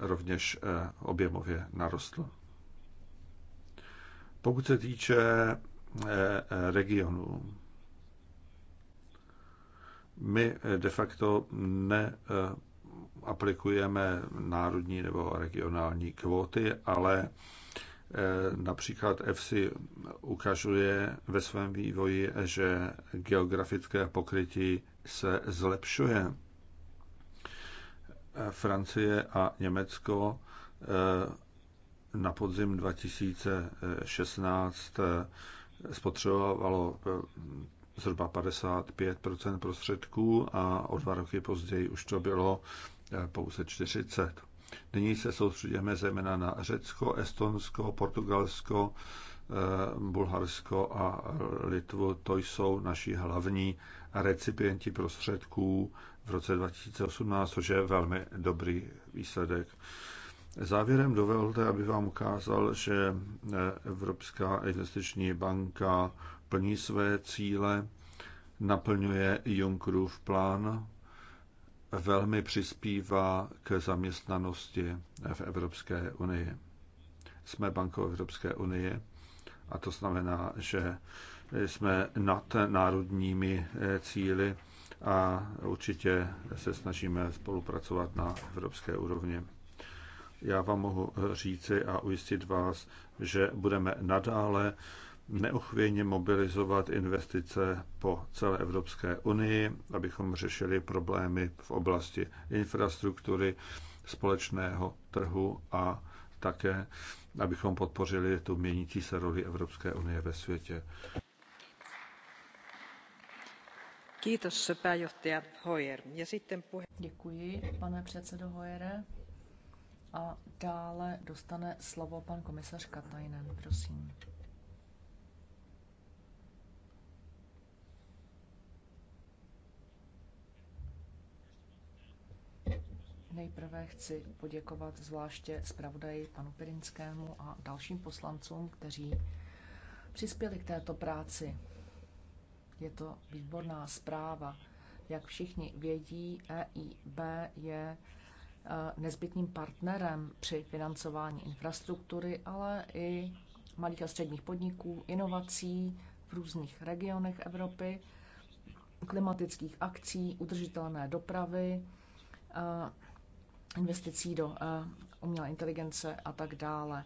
rovněž eh, objemově narostl. Pokud se týče eh, eh, regionů, my de facto neaplikujeme národní nebo regionální kvóty, ale například EFSI ukazuje ve svém vývoji, že geografické pokrytí se zlepšuje. Francie a Německo eh, na podzim 2016 eh, spotřebovalo eh, zhruba 55 prostředků a o dva roky později už to bylo pouze 40. Nyní se soustředíme zejména na Řecko, Estonsko, Portugalsko, Bulharsko a Litvu. To jsou naši hlavní recipienti prostředků v roce 2018, což je velmi dobrý výsledek. Závěrem dovolte, aby vám ukázal, že eh, Evropská investiční banka plní své cíle, naplňuje Junckerův plán, velmi přispívá k zaměstnanosti v Evropské unii. Jsme bankou Evropské unie a to znamená, že jsme nad národními eh, cíly a určitě se snažíme spolupracovat na evropské úrovni. Já vám mohu říci a ujistit vás, že budeme nadále neochvějně mobilizovat investice po celé Evropské unii, abychom řešili problémy v oblasti infrastruktury, společného trhu a také, abychom podpořili tu měnící se roli Evropské unie ve světě. Děkuji, pane předsedo Hojere. A dále dostane slovo pan komisař Katajnen, prosím. Nejprve chci poděkovat zvláště zpravodaji panu Pirinskému a dalším poslancům, kteří přispěli k této práci. Je to výborná zpráva. Jak všichni vědí, EIB je e, nezbytným partnerem při financování infrastruktury, ale i malých a středních podniků, inovací v různých regionech Evropy, klimatických akcí, udržitelné dopravy, e, investicí do e, umělé inteligence a tak dále.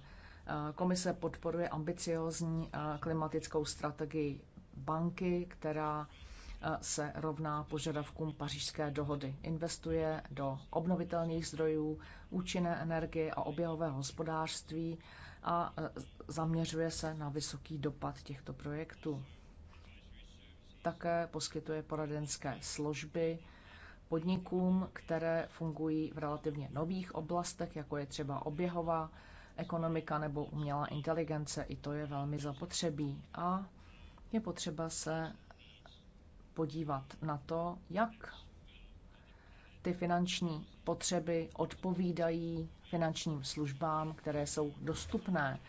Komise podporuje ambiciozní klimatickou strategii banky, která eh, se rovná požadavkům pařížské dohody. Investuje do obnovitelných zdrojů, účinné energie a oběhového hospodářství a eh, zaměřuje se na vysoký dopad těchto projektů. Také poskytuje poradenské služby podnikům, které fungují v relativně nových oblastech, jako je třeba oběhová ekonomika nebo umělá inteligence. I to je velmi zapotřebí. A je potřeba se podívat na to, jak ty finanční potřeby odpovídají finančním službám, které jsou dostupné.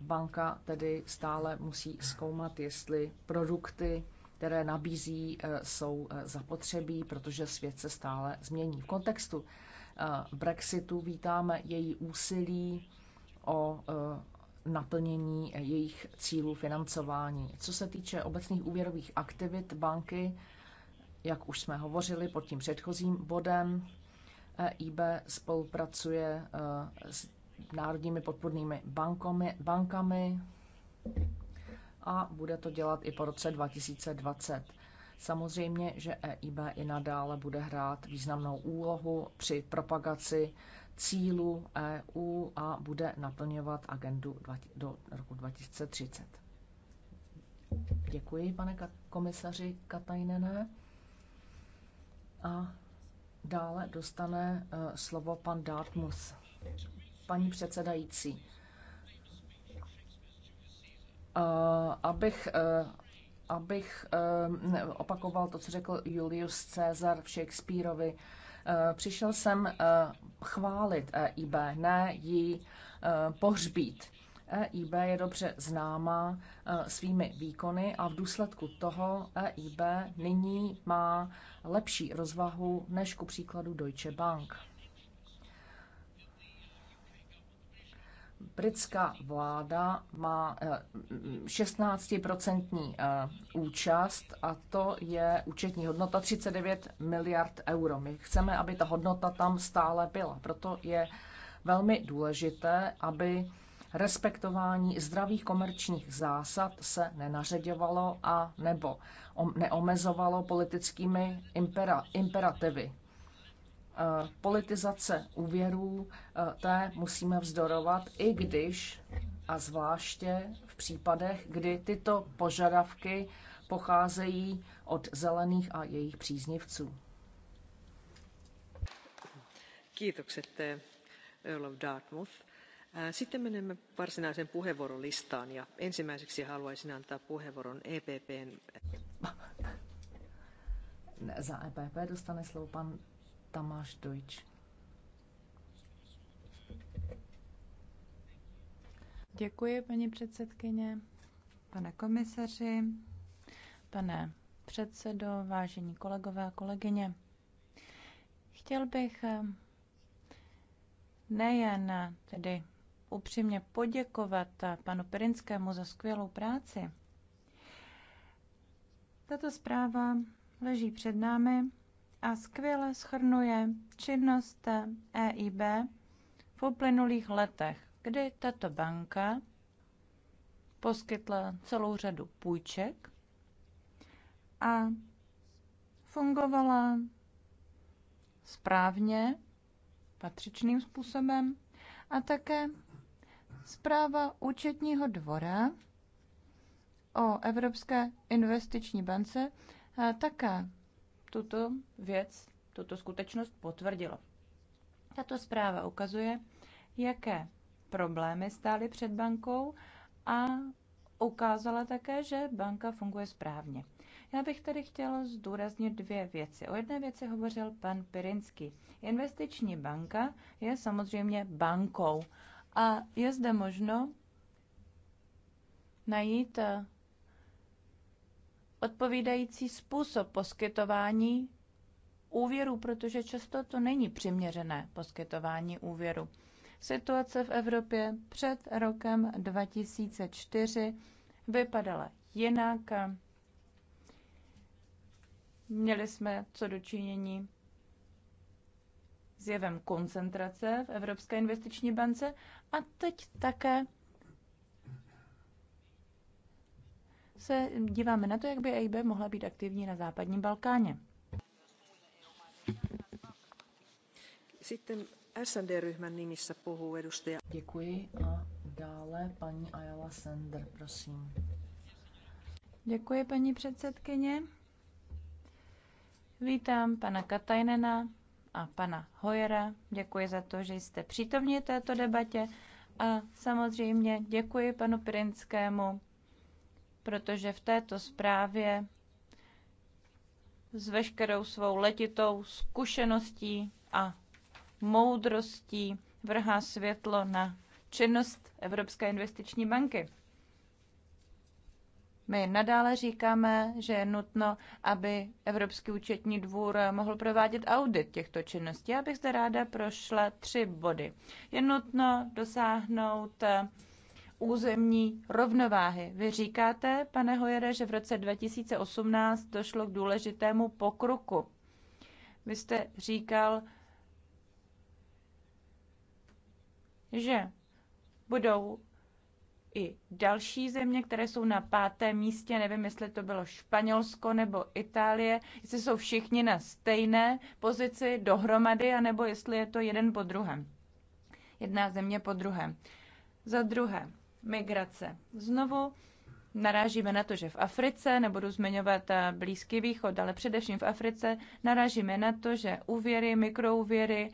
Banka tedy stále musí zkoumat, jestli produkty, které nabízí, eh, jsou eh, zapotřebí, protože svět se stále změní. V kontextu eh, Brexitu vítáme její úsilí o naplnění jejich cílů financování. Co se týče obecných úvěrových aktivit banky, jak už jsme hovořili pod tím předchozím bodem, EIB spolupracuje eh, s národními podpornými bankami, bankami a bude to dělat i po roce 2020. Samozřejmě, že EIB i nadále bude hrát významnou úlohu při propagaci cílů EU a bude naplňovat agendu do roku 2030. Děkuji, pane komisaři Katajnené. A dále dostane e, slovo pan Dartmus. Paní předsedající, e, abych e, abych opakoval to, co řekl Julius Caesar v Shakespeareovi, Eh, přišel jsem eh, chválit EIB, ne ji eh, pohřbít. EIB je dobře známá svými výkony a v důsledku toho EIB nyní má lepší rozvahu než ku příkladu Deutsche Bank. britská vláda má 16% eh, eh, účast a to je účetní hodnota 39 miliard euro. My chceme, aby ta hodnota tam stále byla. Proto je velmi důležité, aby respektování zdravých komerčních zásad se nenařeďovalo a nebo neomezovalo politickými impera, imperativy. Eh, politizace úvěrů, eh, té musíme vzdorovat, i když a zvláště v případech, kdy tyto požadavky pocházejí od zelených a jejich příznivců. Kiitokset eh, Earl of Dartmouth. Sitten menemme varsinaiseen puheenvuorolistaan ja ensimmäiseksi haluaisin antaa puheenvuoron EPPn... Za EPP dostane slovo pan Tamáš Dojč. Děkuji, paní předsedkyně, pane komisaři, pane předsedo, vážení kolegové a kolegyně. Chtěl bych eh, nejen eh, tedy upřímně poděkovat eh, panu Perinskému za skvělou práci. Tato zpráva leží před námi a skvěle schrnuje činnost EIB v uplynulých letech, kdy tato banka poskytla celou řadu půjček a fungovala správně, patřičným způsobem a také zpráva účetního dvora o Evropské investiční bance také tuto věc, tuto skutečnost potvrdilo. Tato zpráva ukazuje, jaké problémy stály před bankou a ukázala také, že banka funguje správně. Já bych tady chtěla zdůraznit dvě věci. O jedné věci hovořil pan Pirinský. Investiční banka je samozřejmě bankou a je zde možno najít eh, odpovídající způsob poskytování úvěru, protože často to není přiměřené poskytování úvěru. Situace v Evropě před rokem 2004 vypadala jinak. Měli jsme co dočinění s jevem koncentrace v Evropské investiční bance a teď také se díváme na to, jak by EIB mohla být aktivní na západním Balkáně. Sitten SND-ryhmän nimissä puhuu edustaja. Děkuji a dále paní Ayala Sender, prosím. Děkuji, paní předsedkyně. Vítám pana Katajnena a pana Hojera. Děkuji za to, že jste přítomni této debatě a samozřejmě děkuji panu Pirinskému protože v této zprávě s veškerou svou letitou zkušeností a moudrostí vrhá světlo na činnost Evropské investiční banky. My nadále říkáme, že je nutno, aby Evropský účetní dvůr mohl provádět audit těchto činností. Já bych zde ráda prošla tři body. Je nutno dosáhnout územní rovnováhy. Vy říkáte, pane Hojere, že v roce 2018 došlo k důležitému pokroku. Vy jste říkal, že budou i další země, které jsou na pátém místě, nevím, jestli to bylo Španělsko nebo Itálie, jestli jsou všichni na stejné pozici dohromady, anebo jestli je to jeden po druhém. Jedna země po druhém. Za druhé, migrace. Znovu narážíme na to, že v Africe, nebudu zmiňovat eh, Blízký východ, ale především v Africe, narážíme na to, že úvěry, mikrouvěry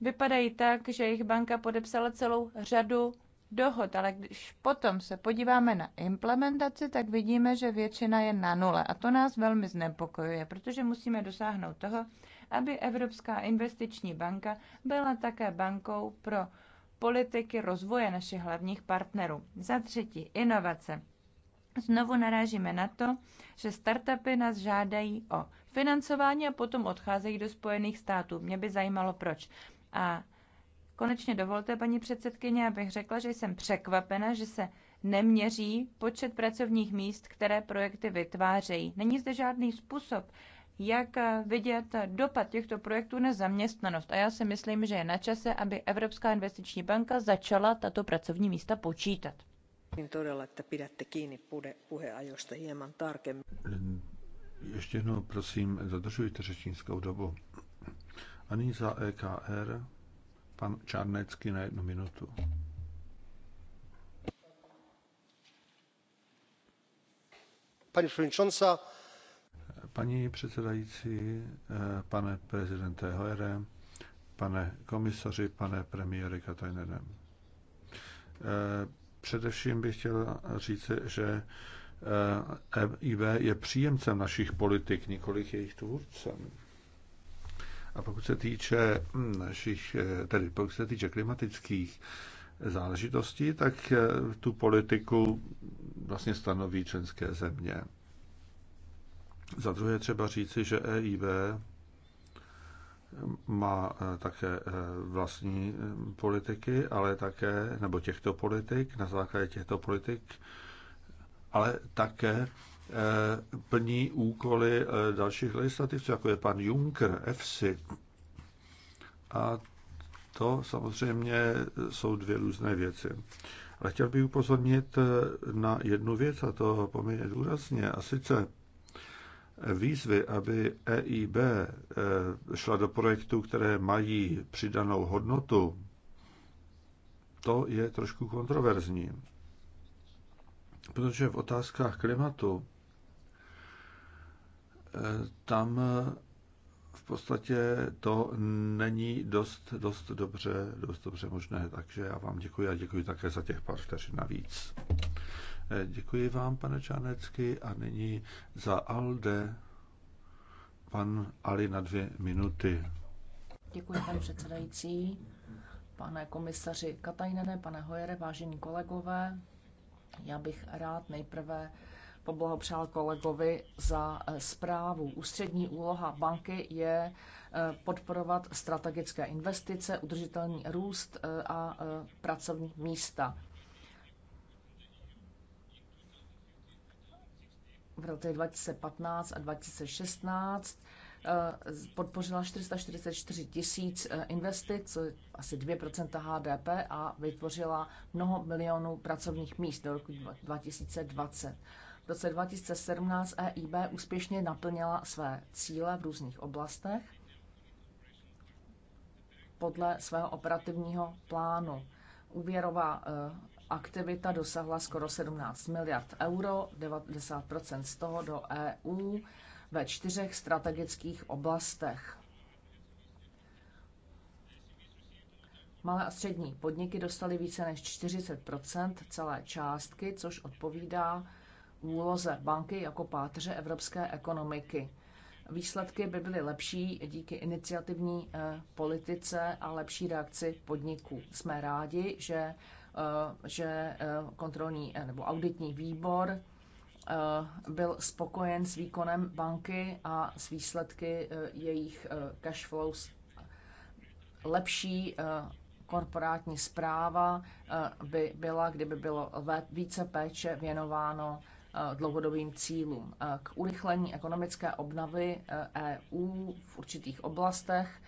vypadají tak, že jejich banka podepsala celou řadu dohod, ale když potom se podíváme na implementaci, tak vidíme, že většina je na nule. A to nás velmi znepokojuje, protože musíme dosáhnout toho, aby Evropská investiční banka byla také bankou pro politiky rozvoje našich hlavních partnerů. Za třetí, inovace. Znovu narážíme na to, že startupy nás žádají o financování a potom odcházejí do Spojených států. Mě by zajímalo, proč. A konečně dovolte, paní předsedkyně, abych řekla, že jsem překvapena, že se neměří počet pracovních míst, které projekty vytvářejí. Není zde žádný způsob, jak vidět dopad těchto projektů na zaměstnanost. A já si myslím, že je na čase, aby Evropská investiční banka začala tato pracovní místa počítat. Ještě jednou prosím, dodržujte řečnickou dobu. A nyní za EKR pan Čarnecký na jednu minutu. Pani przewodnicząca, Paní předsedající, eh, pane prezidente Hoere, pane komisaři, pane premiére Katajnene. Eh, především bych chtěl říct, že EIB eh, e je příjemcem našich politik, nikoliv jejich tvůrcem. A pokud se týče hm, našich, tedy pokud se týče klimatických záležitostí, tak tu politiku vlastně stanoví členské země. Za druhé třeba říci, že EIB má eh, také eh, vlastní eh, politiky, ale také, nebo těchto politik, na základě těchto politik, ale také plní úkoly dalších legislativců, jako je pan Juncker, EFSI. A to samozřejmě jsou dvě různé věci. Ale chtěl bych upozornit na jednu věc, a to poměrně důrazně, a sice výzvy, aby EIB eh, šla do projektů, které mají přidanou hodnotu, to je trošku kontroverzní. Protože v otázkách klimatu eh, tam eh, v podstatě to není dost, dost, dobře, dost dobře možné. Takže já vám děkuji a děkuji také za těch pár vteřin navíc. Eh, děkuji vám, pane Čánecky, a nyní za ALDE pan Ali na dvě minuty. Děkuji, pane předsedající, pane komisaři Katajnene, pane Hojere, vážení kolegové. Já bych rád nejprve poblahopřál kolegovi za eh, zprávu. Ústřední úloha banky je eh, podporovat strategické investice, udržitelný růst a pracovní místa. v roce 2015 a 2016 eh, podpořila 444 tisíc eh, investic, asi 2% HDP a vytvořila mnoho milionů pracovních míst do roku 2020. V roce 2017 EIB úspěšně naplnila své cíle v různých oblastech podle svého operativního plánu. Úvěrová eh, aktivita dosáhla skoro 17 miliard euro, 90 z toho do EU ve čtyřech strategických oblastech. Malé a střední podniky dostaly více než 40 celé částky, což odpovídá úloze banky jako páteře evropské ekonomiky. Výsledky by byly lepší díky iniciativní eh, politice a lepší reakci podniků. Jsme rádi, že Eh, že eh, kontrolní eh, nebo auditní výbor byl spokojen s výkonem banky a s výsledky jejich cash flows. Lepší korporátní zpráva by byla, kdyby bylo více péče věnováno dlouhodobým cílům. K urychlení ekonomické obnovy EU e v určitých oblastech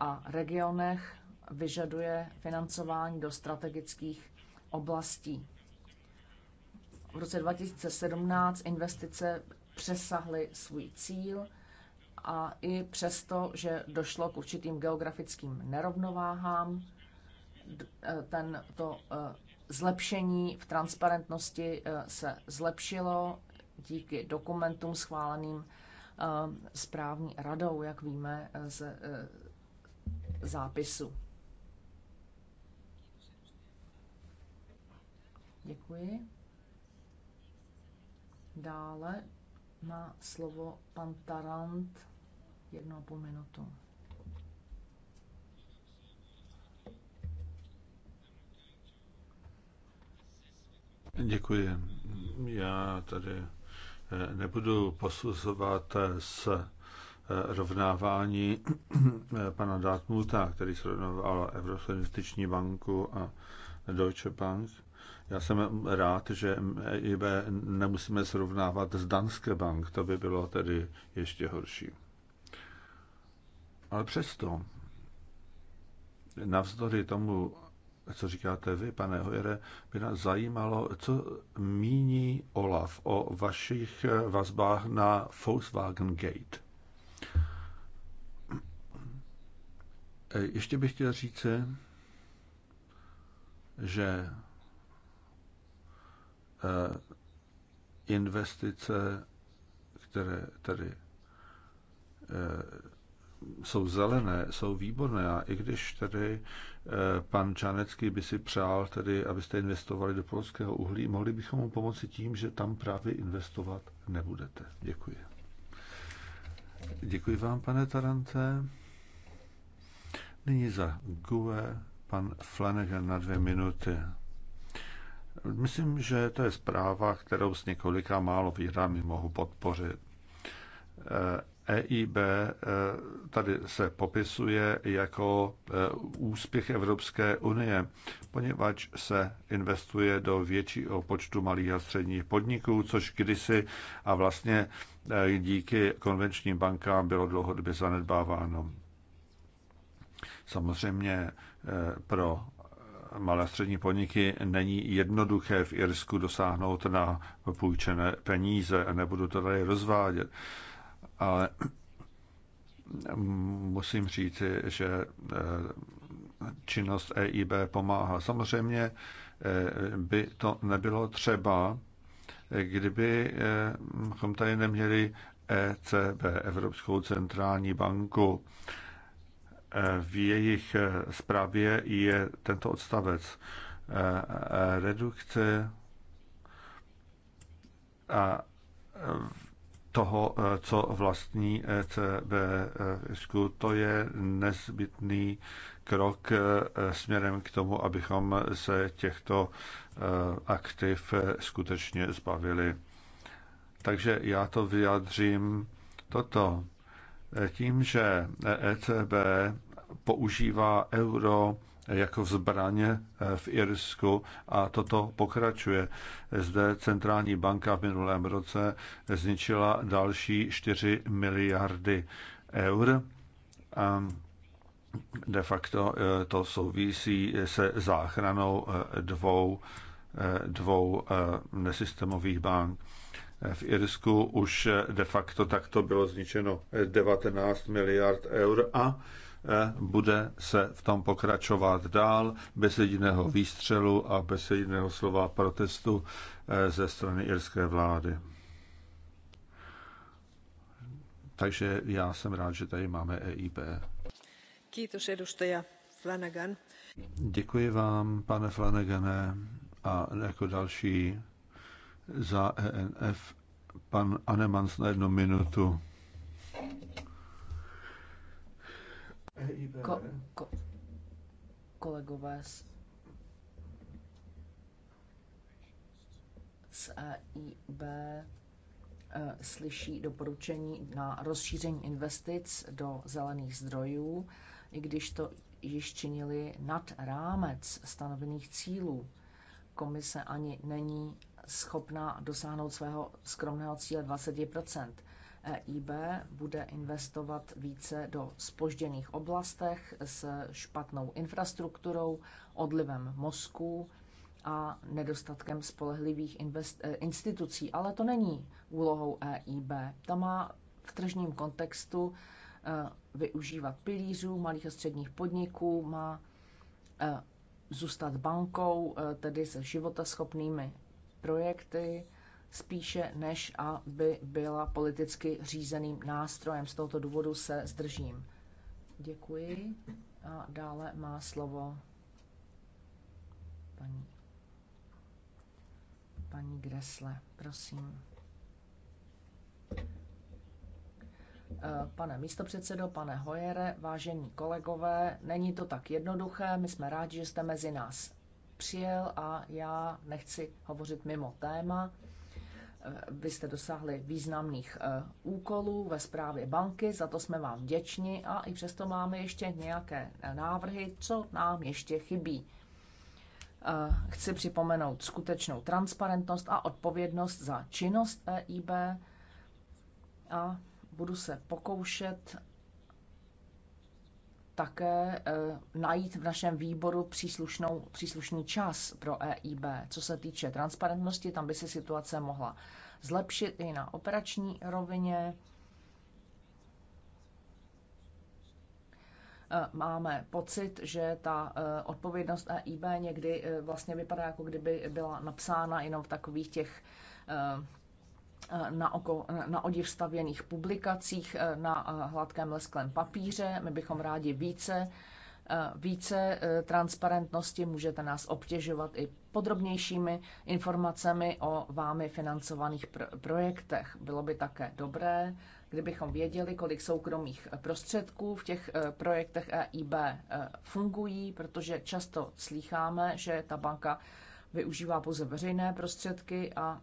a regionech vyžaduje financování do strategických oblastí. V roce 2017 investice přesahly svůj cíl a i přesto, že došlo k určitým geografickým nerovnováhám, eh, ten, to eh, zlepšení v transparentnosti eh, se zlepšilo díky dokumentům schváleným správní radou, jak víme ze zápisu. Děkuji. Dále má slovo pan Tarant jednu a půl minutu. Děkuji. Já tady eh, nebudu posuzovat eh, s eh, rovnávání pana Dartmuta, který srovnával Evropskou investiční banku a Deutsche Bank. Já jsem rád, že EIB nemusíme srovnávat s Danske Bank, to by bylo tedy ještě horší. Ale přesto, navzdory tomu, co říkáte vy, pane Hojere, by nás zajímalo, co míní Olaf o vašich vazbách na Volkswagen Gate. Ještě bych chtěl říci, že Eh, investice, které tady eh, jsou zelené, jsou výborné. A i když tedy eh, pan Čánecký by si přál, tedy, abyste investovali do polského uhlí, mohli bychom mu pomoci tím, že tam právě investovat nebudete. Děkuji. Děkuji vám, pane Tarante. Nyní za GUE pan Flanagan na dvě minuty. Myslím, že to je zpráva, kterou s několika málo výhrami mohu podpořit. EIB eh, e eh, tady se popisuje jako eh, úspěch Evropské unie, poněvadž se investuje do většího počtu malých a středních podniků, což kdysi a vlastně díky konvenčním bankám bylo dlouhodobě zanedbáváno. Samozřejmě pro malé střední podniky není jednoduché v Irsku dosáhnout na půjčené peníze. Nebudu to tady rozvádět. Ale musím říct, že eh, činnost EIB pomáhá. Samozřejmě eh, by to nebylo třeba, kdybychom eh, tady neměli ECB, Evropskou centrální banku v jejich zprávě eh, je tento odstavec. Eh, redukce a eh, toho, co vlastní ECB to je nezbytný krok směrem k tomu, abychom se těchto aktiv skutečně zbavili. Takže já to vyjádřím toto tím, že ECB e používá euro jako zbraně v Irsku a toto pokračuje. Zde centrální banka v minulém roce zničila další 4 miliardy eur. De facto e, to souvisí se záchranou e, dvou, dvou nesystémových bank. V Irsku už de facto takto bylo zničeno 19 miliard eur a e, bude se v tom pokračovat dál bez jediného výstřelu a bez jediného slova protestu e, ze strany irské vlády. Takže já jsem rád, že tady máme EIB. Flanagan. Děkuji vám, pane Flanagane. A jako další za ENF pan Anemans na jednu minutu. E ko, ko, kolegové z, z EIB eh, slyší doporučení na rozšíření investic do zelených zdrojů, i když to již činili nad rámec stanovených cílů. Komise ani není schopna dosáhnout svého skromného cíle 20 EIB bude investovat více do spožděných oblastech s špatnou infrastrukturou, odlivem mozků a nedostatkem spolehlivých invest- eh, institucí. Ale to není úlohou EIB. Ta má v tržním kontextu eh, využívat pilířů malých a středních podniků, má eh, zůstat bankou, tedy se životaschopnými projekty spíše než aby byla politicky řízeným nástrojem. Z tohoto důvodu se zdržím. Děkuji. A dále má slovo paní, paní Gresle. Prosím. Eh, pane místopředsedo, pane Hojere, vážení kolegové, není to tak jednoduché. My jsme rádi, že jste mezi nás přijel a já nechci hovořit mimo téma. Vy jste dosáhli významných eh, úkolů ve správě banky, za to jsme vám vděční a i přesto máme ještě nějaké eh, návrhy, co nám ještě chybí. Eh, chci připomenout skutečnou transparentnost a odpovědnost za činnost EIB a budu se pokoušet také eh, najít v našem výboru příslušnou, příslušný čas pro EIB. Co se týče transparentnosti, tam by se situace mohla zlepšit i na operační rovině. Eh, máme pocit, že ta eh, odpovědnost EIB někdy vlastně vypadá, jako kdyby byla napsána jenom v takových těch Eh, na, oko, eh, na odiv stavěných publikacích eh, na hladkém lesklém papíře. My bychom rádi více, více transparentnosti. Můžete nás obtěžovat i podrobnějšími informacemi o vámi financovaných pr- projektech. Bylo by také dobré, kdybychom věděli, kolik soukromých prostředků v těch projektech EIB fungují, protože často slýcháme, že ta banka využívá pouze veřejné prostředky a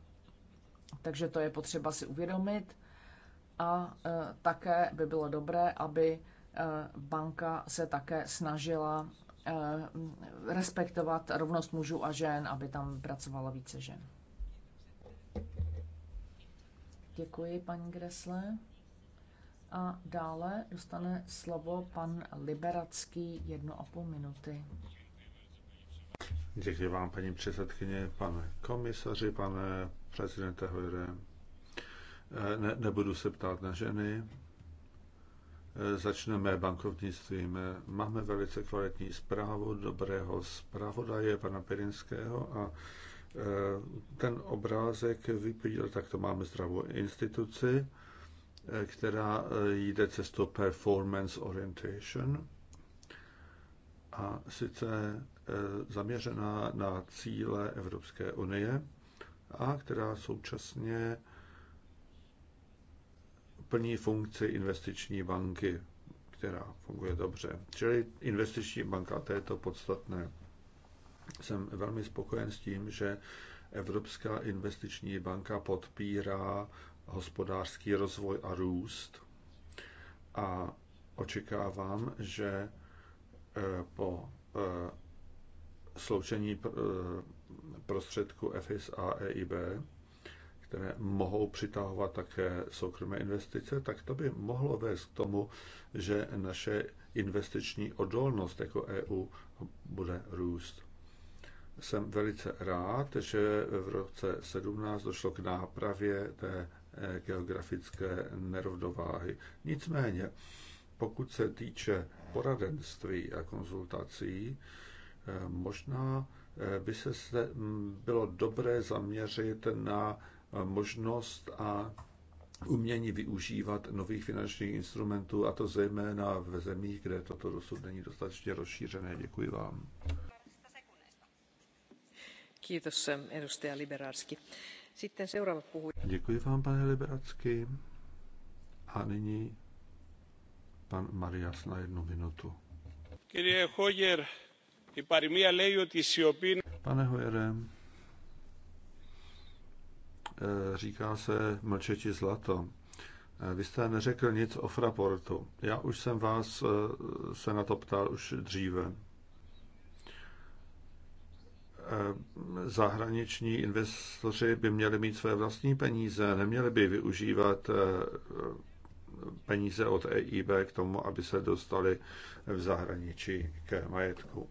takže to je potřeba si uvědomit. A e, také by bylo dobré, aby e, banka se také snažila e, respektovat rovnost mužů a žen, aby tam pracovalo více žen. Děkuji, paní Gresle. A dále dostane slovo pan Liberacký jedno a půl minuty. Děkuji vám, paní předsedkyně, pane komisaři, pane prezidenta Hojre. E, ne, nebudu se ptát na ženy. E, začneme bankovnictvím. E, máme velice kvalitní zprávu dobrého zpravodaje pana Pirinského a ten obrázek vyplýval, tak to máme zdravou instituci, která jde cestou performance orientation a sice zaměřená na cíle Evropské unie a která současně plní funkci investiční banky, která funguje dobře. Čili investiční banka, to je to podstatné. Jsem velmi spokojen s tím, že Evropská investiční banka podpírá hospodářský rozvoj a růst a očekávám, že eh, po eh, sloučení eh, prostředků FIS a EIB, které mohou přitahovat také soukromé investice, tak to by mohlo vést k tomu, že naše investiční odolnost jako EU bude růst. Jsem velice rád, že v roce 17 došlo k nápravě té eh, geografické nerovnováhy. Nicméně, pokud se týče poradenství a konzultací, Eh, možná eh, by se mm, bylo dobré zaměřit na eh, možnost a umění využívat nových finančních instrumentů, a to zejména ve zemích, kde toto dosud není dostatečně rozšířené. Děkuji vám. Děkuji vám, pane Liberacky. A nyní pan Marias na jednu minutu. Kyrie Hoyer, Pane Hojere, říká se mlčeti zlato. E, vy jste neřekl nic o Fraportu. Já už jsem vás e, se na to ptal už dříve. E, zahraniční investoři by měli mít své vlastní peníze, neměli by využívat peníze od EIB k tomu, aby se dostali v zahraničí k majetku.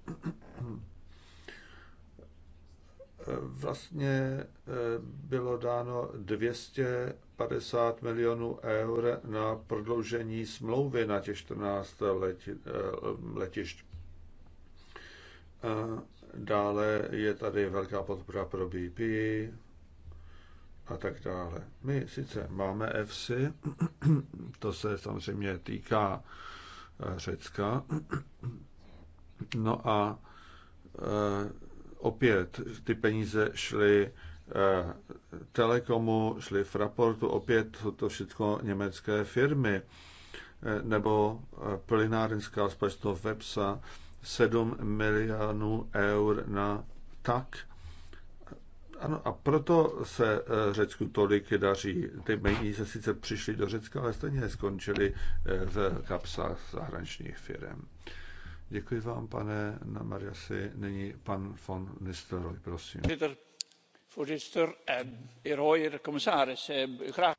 Vlastně eh, bylo dáno 250 milionů eur na prodloužení smlouvy na těch 14 leti, eh, letišť. Dále je tady velká podpora pro BP, a tak dále. My sice máme EFSI, to se samozřejmě týká eh, Řecka, no a eh, opět ty peníze šly eh, Telekomu, šly Fraportu, opět jsou to všechno německé firmy, nebo plinárenská společnost Websa 7 milionů eur na tak ano, a proto se eh, Řecku tolik daří. Ty se sice přišli do Řecka, ale stejně skončili eh, v kapsách zahraničních firm. Děkuji vám, pane Mariasi. Nyní pan von Nistelrooy, prosím.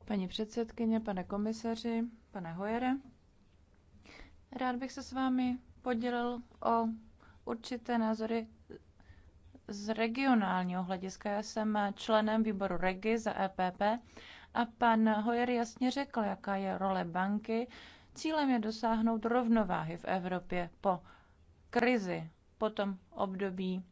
Paní předsedkyně, pane komisaři, pane Hojere, rád bych se s vámi podělil o určité názory z regionálního hlediska. Já jsem členem výboru REGI za EPP a pan Hoyer jasně řekl, jaká je role banky. Cílem je dosáhnout rovnováhy v Evropě po krizi, po tom období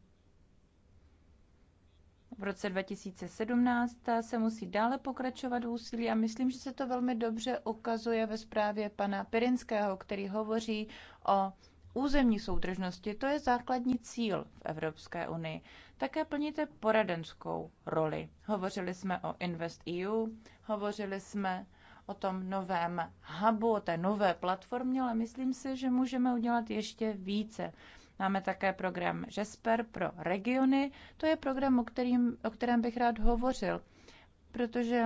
v roce 2017 se musí dále pokračovat úsilí a myslím, že se to velmi dobře ukazuje ve zprávě pana Pirinského, který hovoří o územní soudržnosti, to je základní cíl v Evropské unii. Také plníte poradenskou roli. Hovořili jsme o InvestEU, hovořili jsme o tom novém hubu, o té nové platformě, ale myslím si, že můžeme udělat ještě více. Máme také program Jesper pro regiony. To je program, o, kterým, o kterém bych rád hovořil, protože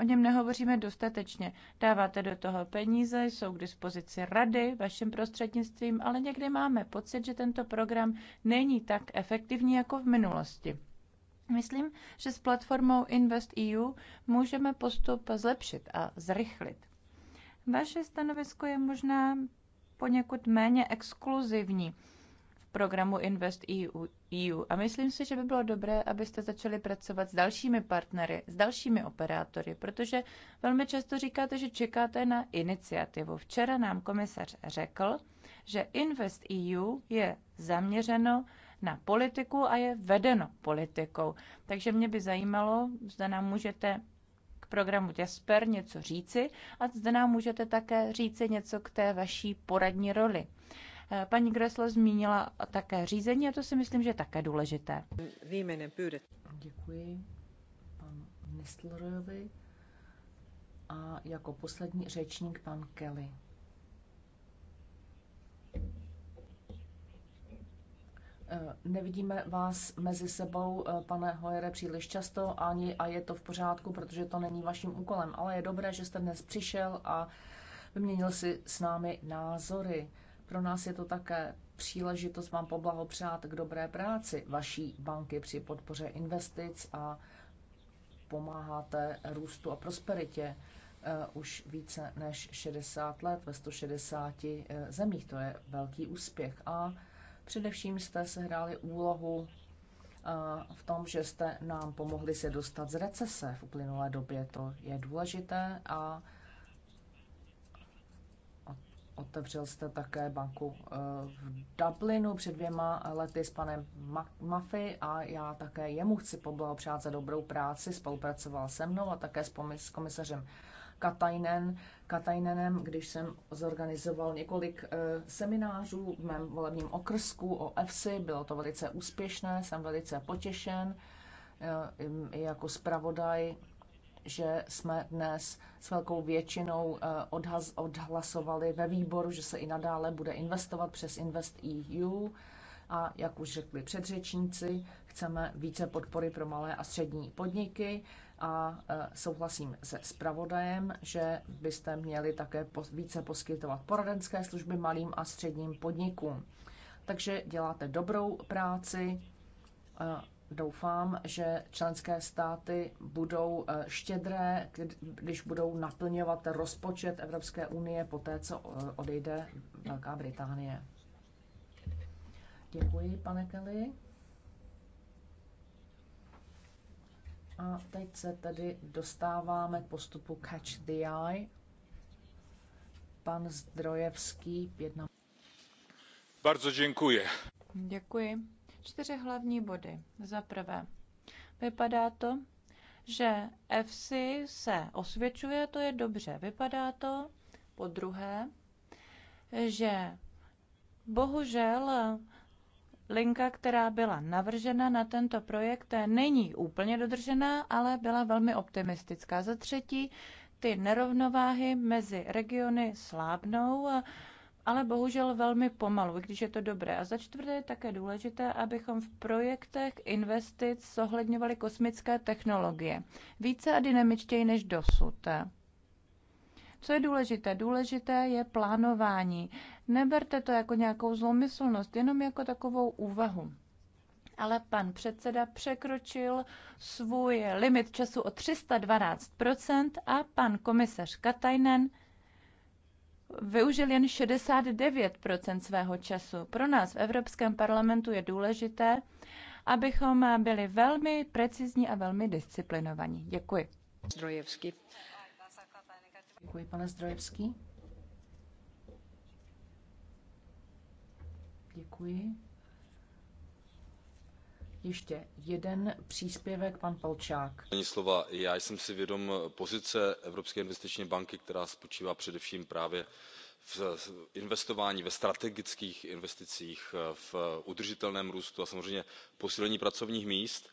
O něm nehovoříme dostatečně. Dáváte do toho peníze, jsou k dispozici rady vaším prostřednictvím, ale někdy máme pocit, že tento program není tak efektivní jako v minulosti. Myslím, že s platformou InvestEU můžeme postup zlepšit a zrychlit. Vaše stanovisko je možná poněkud méně exkluzivní programu Invest EU, EU. A myslím si, že by bylo dobré, abyste začali pracovat s dalšími partnery, s dalšími operátory, protože velmi často říkáte, že čekáte na iniciativu. Včera nám komisař řekl, že Invest EU je zaměřeno na politiku a je vedeno politikou. Takže mě by zajímalo, zda nám můžete k programu Jasper něco říci a zda nám můžete také říci něco k té vaší poradní roli. Paní Gressler zmínila také řízení a to si myslím, že je také důležité. Děkuji pan Nestlerovi a jako poslední řečník pan Kelly. Eh, nevidíme vás mezi sebou, eh, pane Hojere, příliš často ani a je to v pořádku, protože to není vaším úkolem, ale je dobré, že jste dnes přišel a vyměnil si s námi názory. Pro nás je to také příležitost vám poblahopřát k dobré práci vaší banky při podpoře investic a pomáháte růstu a prosperitě eh, už více než 60 let ve 160 eh, zemích. To je velký úspěch. A především jste sehráli úlohu eh, v tom, že jste nám pomohli se dostat z recese v uplynulé době. To je důležité a Otevřel jste také banku eh, v Dublinu před dvěma lety s panem Mafy a já také jemu chci poblahopřát za dobrou práci. Spolupracoval se mnou a také s komisařem Katajnen, Katajnenem, když jsem zorganizoval několik eh, seminářů v mém volebním okrsku o EFSI. Bylo to velice úspěšné, jsem velice potěšen. Eh, I jako zpravodaj že jsme dnes s velkou většinou eh, odhaz, odhlasovali ve výboru, že se i nadále bude investovat přes Invest EU. A jak už řekli předřečníci, chceme více podpory pro malé a střední podniky a eh, souhlasím se zpravodajem, že byste měli také více poskytovat poradenské služby malým a středním podnikům. Takže děláte dobrou práci eh, doufám, že členské státy budou eh, štědré, když budou naplňovat rozpočet Evropské unie po té, co eh, odejde Velká Británie. Děkuji, pane Kelly. A teď se tedy dostáváme k postupu Catch the Eye. Pan Zdrojevský, jedna. Bardzo dziękuję. Děkuji čtyři hlavní body. Za prvé, vypadá to, že FC se osvědčuje, to je dobře. Vypadá to, po druhé, že bohužel linka, která byla navržena na tento projekt, není úplně dodržená, ale byla velmi optimistická. Za třetí, ty nerovnováhy mezi regiony slábnou. A ale bohužel velmi pomalu, i když je to dobré. A za čtvrté je také důležité, abychom v projektech investic zohledňovali kosmické technologie více a dynamičtěji než dosud. Co je důležité? Důležité je plánování. Neberte to jako nějakou zlomyslnost, jenom jako takovou úvahu. Ale pan předseda překročil svůj limit času o 312% a pan komisař Katajnen využil jen 69 svého času. Pro nás v Evropském parlamentu je důležité, abychom byli velmi precizní a velmi disciplinovaní. Děkuji. Zdrojevský. Děkuji, pane Zdrojevský. Děkuji. Ještě jeden příspěvek, pan Polčák. Není slova. Já jsem si vědom pozice Evropské investiční banky, která spočívá především právě v investování ve strategických investicích v udržitelném růstu a samozřejmě posílení pracovních míst.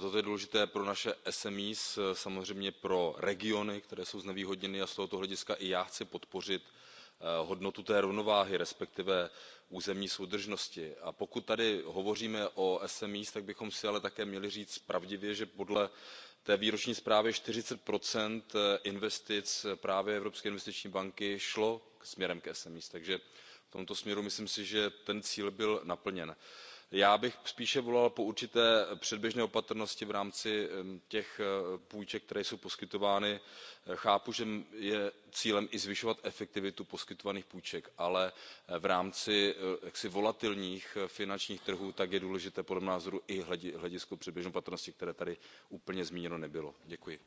toto je důležité pro naše SMEs, samozřejmě pro regiony které jsou znevýhodněny a z tohoto hlediska i já chci podpořit Eh, hodnotu té rovnováhy respektive územní soudržnosti a pokud tady hovoříme o smi tak bychom si ale také měli říct pravdivě že podle té výroční zprávy forty eh, investic eh, právě evropské investiční banky šlo směrem k smi takže v tomto směru myslím si že ten cíl byl naplněn já bych spíše volal po určité předběžné opatrnosti v rámci těch eh, půjček které jsou poskytovány. Eh, chápu že je cílem i zvyšovat efektivitu poskytovaných půjček ale eh, v rámci volatilních finančních trhů je důležité podle mého názoru i hledisko předběžné opatrnosti které tady úplně zmíněno nebylo. děkuji.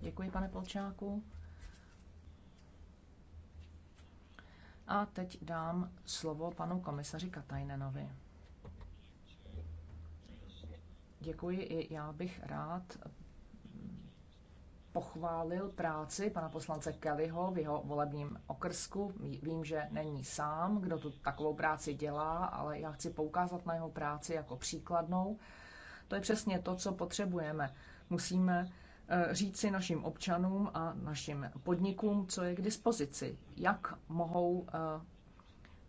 Děkuji, pane polčáku. A teď dám slovo panu komisaři Katajnenovi. Děkuji i já bych rád pochválil práci pana poslance Kellyho v jeho volebním okrsku. Vím, že není sám, kdo tu takovou práci dělá, ale já chci poukázat na jeho práci jako příkladnou. To je přesně to, co potřebujeme. Musíme Eh, říci našim občanům a našim podnikům, co je k dispozici, jak mohou eh,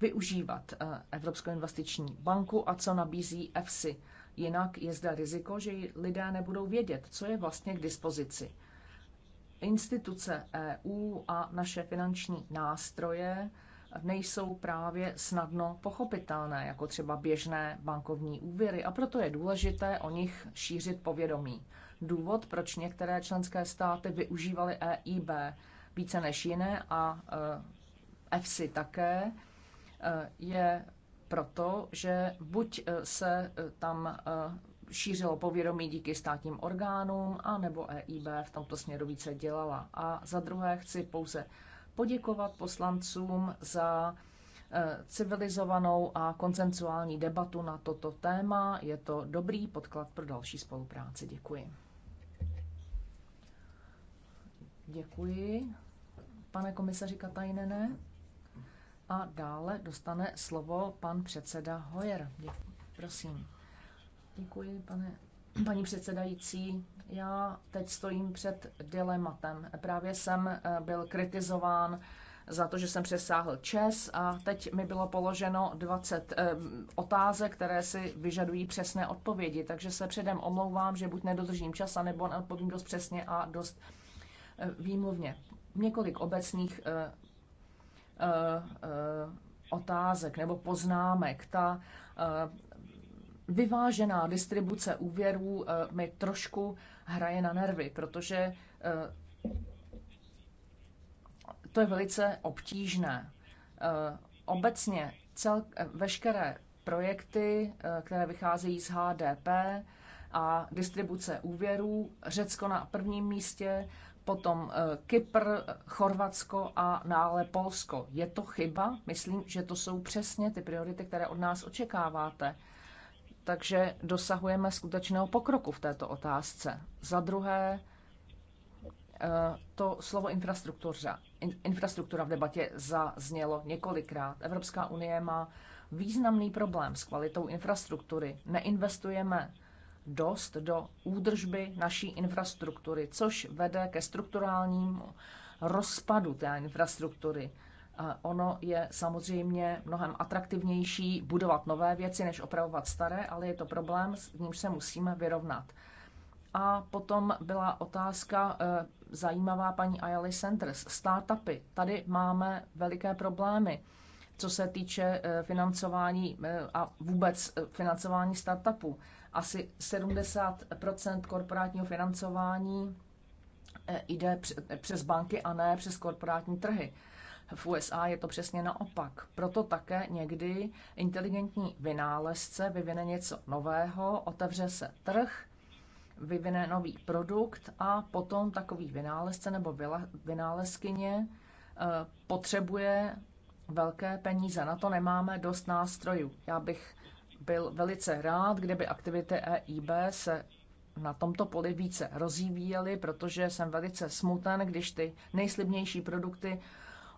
využívat eh, Evropskou investiční banku a co nabízí EFSI. Jinak je zde riziko, že lidé nebudou vědět, co je vlastně k dispozici. Instituce EU a naše finanční nástroje nejsou právě snadno pochopitelné, jako třeba běžné bankovní úvěry, a proto je důležité o nich šířit povědomí důvod, proč některé členské státy využívaly EIB více než jiné a EFSI eh, také, eh, je proto, že buď eh, se tam šířilo povědomí díky státním orgánům, nebo EIB v tomto směru více dělala. A za druhé chci pouze poděkovat poslancům za civilizovanou a koncensuální debatu na toto téma. Je to dobrý podklad pro další spolupráci. Děkuji. Děkuji, pane komisaři Katajnene. A dále dostane slovo pan předseda Hojer. Děkuji. Prosím. Děkuji, pane, paní předsedající. Já teď stojím před dilematem. Právě jsem eh, byl kritizován za to, že jsem přesáhl čes a teď mi bylo položeno 20 eh, otázek, které si vyžadují přesné odpovědi, takže se předem omlouvám, že buď nedodržím čas, anebo odpovím dost přesně a dost eh, Eh, výmluvně. Několik obecných eh, eh, otázek nebo poznámek. Ta vyvážená distribuce úvěrů mi trošku hraje na nervy, protože to je velice obtížné. Obecně cel, veškeré projekty, které vycházejí z HDP a distribuce úvěrů, Řecko na prvním místě potom eh, Kypr, Chorvatsko a nále Polsko. Je to chyba? Myslím, že to jsou přesně ty priority, které od nás očekáváte. Takže dosahujeme skutečného pokroku v této otázce. Za druhé, eh, to slovo infrastruktura. Infrastruktura v debatě zaznělo několikrát. Evropská unie má významný problém s kvalitou infrastruktury. Neinvestujeme dost do údržby naší infrastruktury, což vede ke strukturálnímu rozpadu té infrastruktury. Ono je samozřejmě mnohem atraktivnější budovat nové věci, než opravovat staré, ale je to problém, s ním se musíme vyrovnat. A potom byla otázka eh, zajímavá paní Ayali Centers. Startupy. Tady máme veliké problémy, co se týče eh, financování eh, a vůbec financování startupů. Asi 70 korporátního financování eh, jde přes banky a ne přes korporátní trhy. V USA je to přesně naopak. Proto také někdy inteligentní vynálezce vyvine něco nového, otevře se trh, vyvine nový produkt a potom takový vynálezce nebo vynálezkyně eh, potřebuje velké peníze. Na to nemáme dost nástrojů. Já bych byl velice rád, kdyby aktivity EIB se na tomto poli více rozvíjely, protože jsem velice smutný, když ty nejslibnější produkty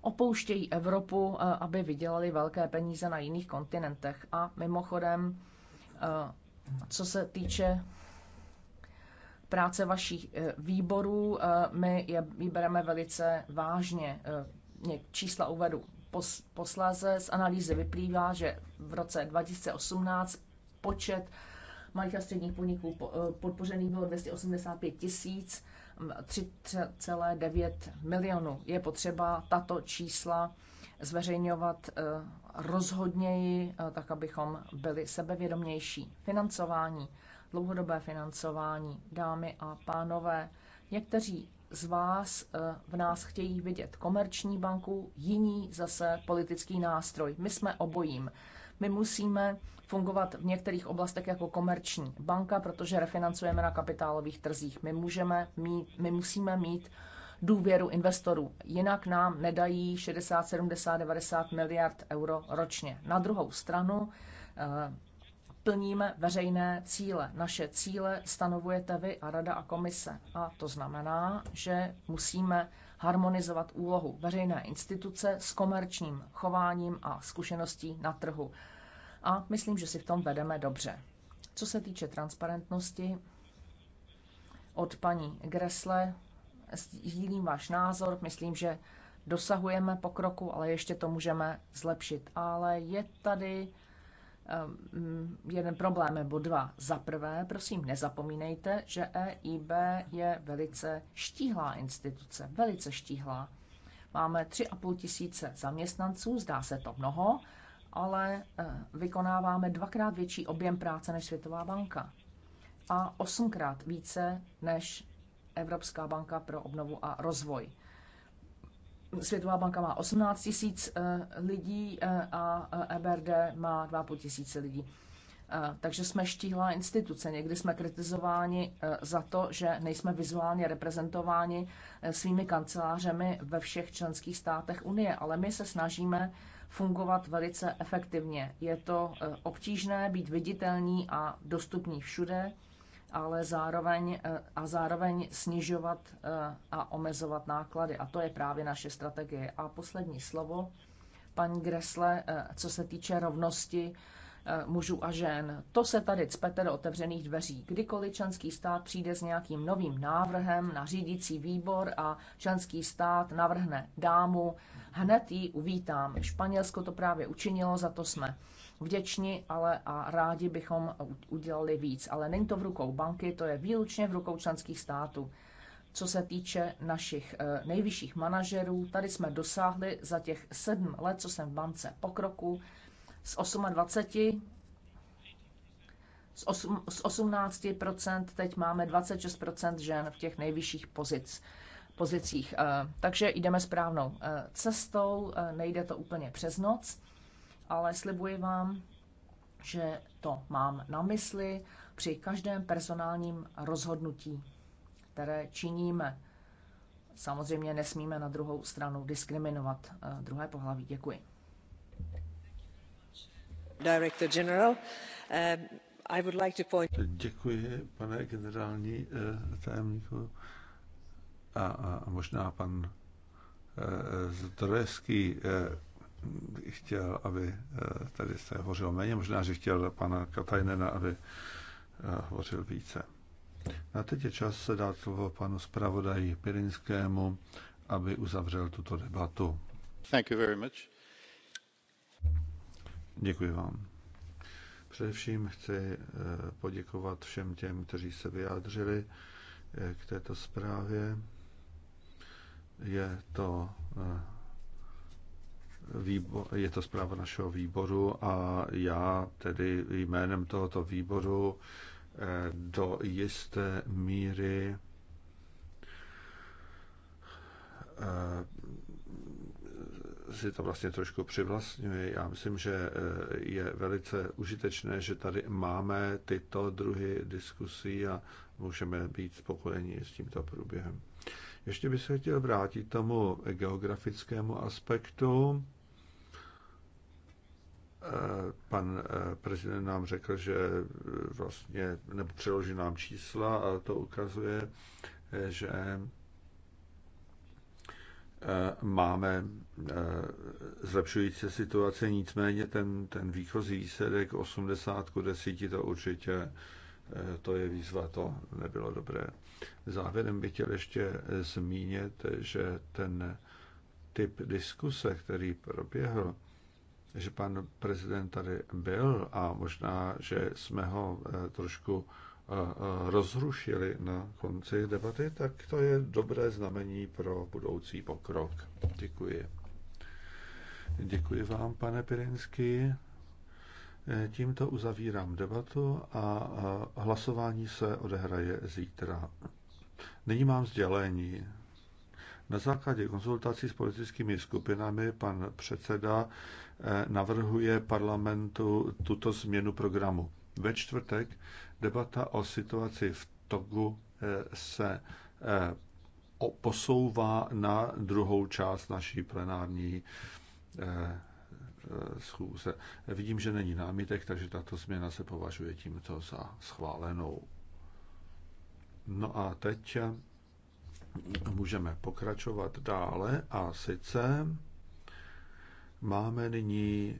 opouštějí Evropu, eh, aby vydělali velké peníze na jiných kontinentech. A mimochodem, eh, co se týče práce vašich eh, výborů, my je vybereme velice vážně. Čísla uvedu Posléze z analýzy vyplývá, že v roce 2018 počet malých a středních podniků podpořených bylo 285 tisíc, 3,9 milionů. Je potřeba tato čísla zveřejňovat eh, rozhodněji, eh, tak abychom byli sebevědomější. Financování, dlouhodobé financování, dámy a pánové, někteří z vás eh, v nás chtějí vidět komerční banku, jiní zase politický nástroj. My jsme obojím. My musíme fungovat v některých oblastech jako komerční banka, protože refinancujeme na kapitálových trzích. My, můžeme mít, my musíme mít důvěru investorů. Jinak nám nedají 60, 70, 90 miliard euro ročně. Na druhou stranu eh, plníme veřejné cíle. Naše cíle stanovujete vy a Rada a Komise. A to znamená, že musíme harmonizovat úlohu veřejné instituce s komerčním chováním a zkušeností na trhu. A myslím, že si v tom vedeme dobře. Co se týče transparentnosti, od paní Gresle sdílím váš názor. Myslím, že dosahujeme pokroku, ale ještě to můžeme zlepšit. Ale je tady Ehm, jeden problém nebo dva. Za prvé, prosím, nezapomínejte, že EIB je velice štíhlá instituce, velice štíhlá. Máme 3,5 tisíce zaměstnanců, zdá se to mnoho, ale eh, vykonáváme dvakrát větší objem práce než Světová banka a osmkrát více než Evropská banka pro obnovu a rozvoj. Světová banka má 18 tisíc eh, lidí eh, a EBRD eh, e má 2,5 tisíce lidí. Takže jsme štíhlá instituce. Někdy jsme kritizováni za to, že nejsme vizuálně reprezentováni svými kancelářemi ve všech členských státech Unie, ale my se snažíme fungovat velice efektivně. Je to obtížné být viditelní a dostupní všude ale zároveň eh, a zároveň snižovat eh, a omezovat náklady. A to je právě naše strategie. A poslední slovo, paní Gresle, eh, co se týče rovnosti mužů a žen. To se tady cpete do otevřených dveří. Kdykoliv členský stát přijde s nějakým novým návrhem na řídící výbor a členský stát navrhne dámu, hned ji uvítám. Španělsko to právě učinilo, za to jsme vděční, ale a rádi bychom udělali víc. Ale není to v rukou banky, to je výlučně v rukou členských států. Co se týče našich eh, nejvyšších manažerů, tady jsme dosáhli za těch sedm let, co jsem v bance pokroku, z 28 z, z 18% teď máme 26% žen v těch nejvyšších pozic, pozicích. Eh, takže jdeme správnou eh, cestou, nejde to úplně přes noc, ale slibuji vám, že to mám na mysli při každém personálním rozhodnutí, které činíme. Samozřejmě nesmíme na druhou stranu diskriminovat eh, druhé pohlaví. Děkuji. Director General, eh, I would like to point... Děkuji, pane generální eh, tajemníku. A, a možná pan Zdrojevský chtěl, aby eh, tady se hovořilo méně, možná, že chtěl pana Katajnena, aby eh, hovořil více. Na teď je čas se dát slovo panu zpravodaji Pirinskému, aby uzavřel tuto debatu. Thank you very much. Děkuji vám. Především chci eh, poděkovat všem těm, kteří se vyjádřili k této zprávě. Je to je to zpráva našeho výboru a já tedy jménem tohoto výboru eh, do jisté míry eh, si to vlastně trošku přivlastňuji. Já myslím, že eh, je velice užitečné, že tady máme tyto druhy diskusí a můžeme být spokojeni s tímto průběhem. Ještě bych se chtěl vrátit tomu geografickému aspektu pan eh, prezident nám řekl, že eh, vlastně, nebo přeloží nám čísla a to ukazuje, eh, že máme zlepšující situaci, nicméně ten, ten výchozí výsledek 80 k 10 to určitě to je výzva, to nebylo dobré. Závěrem bych chtěl ještě zmínit, že ten typ diskuse, který proběhl, že pan prezident tady byl a možná, že jsme ho eh, trošku eh, eh, rozrušili na konci debaty, tak to je dobré znamení pro budoucí pokrok. Děkuji. Děkuji vám, pane Pirinský. Tímto uzavírám debatu a hlasování se odehraje zítra. Nyní mám sdělení. Na základě konzultací s politickými skupinami pan předseda eh, navrhuje parlamentu tuto změnu programu. Ve čtvrtek debata o situaci v Togu eh, se eh, posouvá na druhou část naší plenární schůze. Vidím, že není námitek, takže tato změna se považuje tímto za schválenou. No a teď můžeme pokračovat dále a sice máme nyní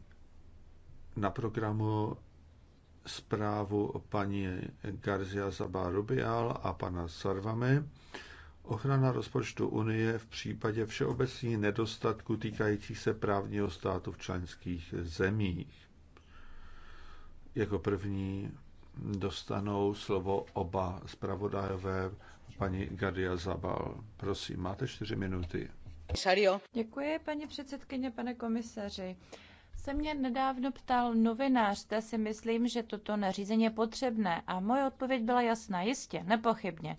na programu zprávu paní Garzia Zabá-Rubial a pana Sarvamy. Ochrana rozpočtu Unie v případě všeobecných nedostatků týkajících se právního státu v členských zemích. Jako první dostanou slovo oba zpravodajové Pani Gadia Zabal. Prosím, máte čtyři minuty. Děkuji, paní předsedkyně, pane komisaři se mě nedávno ptal novinář, zda si myslím, že toto nařízení je potřebné a moje odpověď byla jasná, jistě, nepochybně.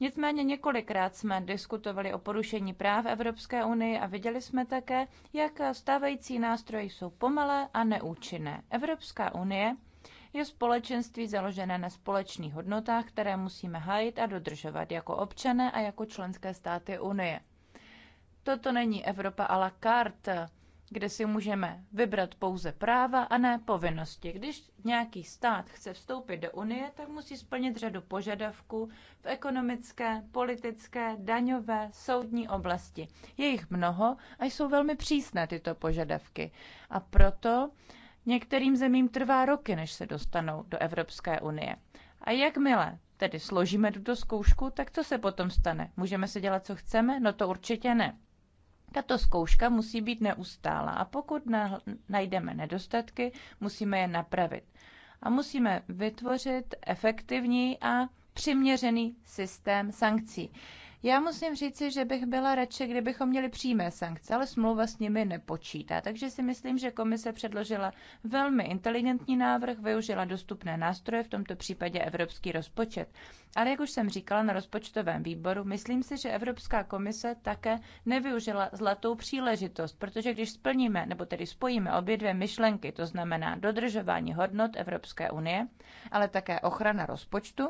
Nicméně několikrát jsme diskutovali o porušení práv Evropské unie a viděli jsme také, jak stávající nástroje jsou pomalé a neúčinné. Evropská unie je společenství založené na společných hodnotách, které musíme hájit a dodržovat jako občané a jako členské státy Unie. Toto není Evropa à la carte, kde si můžeme vybrat pouze práva a ne povinnosti. Když nějaký stát chce vstoupit do Unie, tak musí splnit řadu požadavků v ekonomické, politické, daňové, soudní oblasti. Je jich mnoho a jsou velmi přísné tyto požadavky. A proto Některým zemím trvá roky, než se dostanou do Evropské unie. A jakmile tedy složíme tuto zkoušku, tak co se potom stane? Můžeme si dělat, co chceme? No to určitě ne. Tato zkouška musí být neustála a pokud najdeme nedostatky, musíme je napravit. A musíme vytvořit efektivní a přiměřený systém sankcí. Já musím říci, že bych byla radši, kdybychom měli přímé sankce, ale smlouva s nimi nepočítá. Takže si myslím, že komise předložila velmi inteligentní návrh, využila dostupné nástroje, v tomto případě evropský rozpočet. Ale jak už jsem říkala na rozpočtovém výboru, myslím si, že Evropská komise také nevyužila zlatou příležitost, protože když splníme, nebo tedy spojíme obě dvě myšlenky, to znamená dodržování hodnot Evropské unie, ale také ochrana rozpočtu,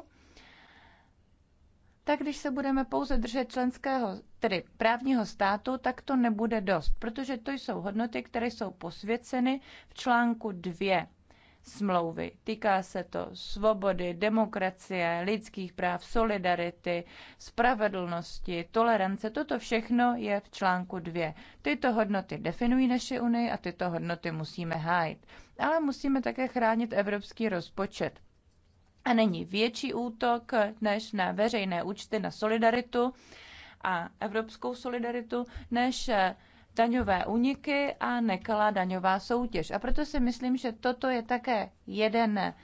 tak když se budeme pouze držet členského, tedy právního státu, tak to nebude dost, protože to jsou hodnoty, které jsou posvěceny v článku 2 smlouvy. Týká se to svobody, demokracie, lidských práv, solidarity, spravedlnosti, tolerance. Toto všechno je v článku 2. Tyto hodnoty definují naše Unii a tyto hodnoty musíme hájit. Ale musíme také chránit evropský rozpočet. A není větší útok než na veřejné účty na solidaritu a evropskou solidaritu, než daňové úniky a nekalá daňová soutěž. A proto si myslím, že toto je také jeden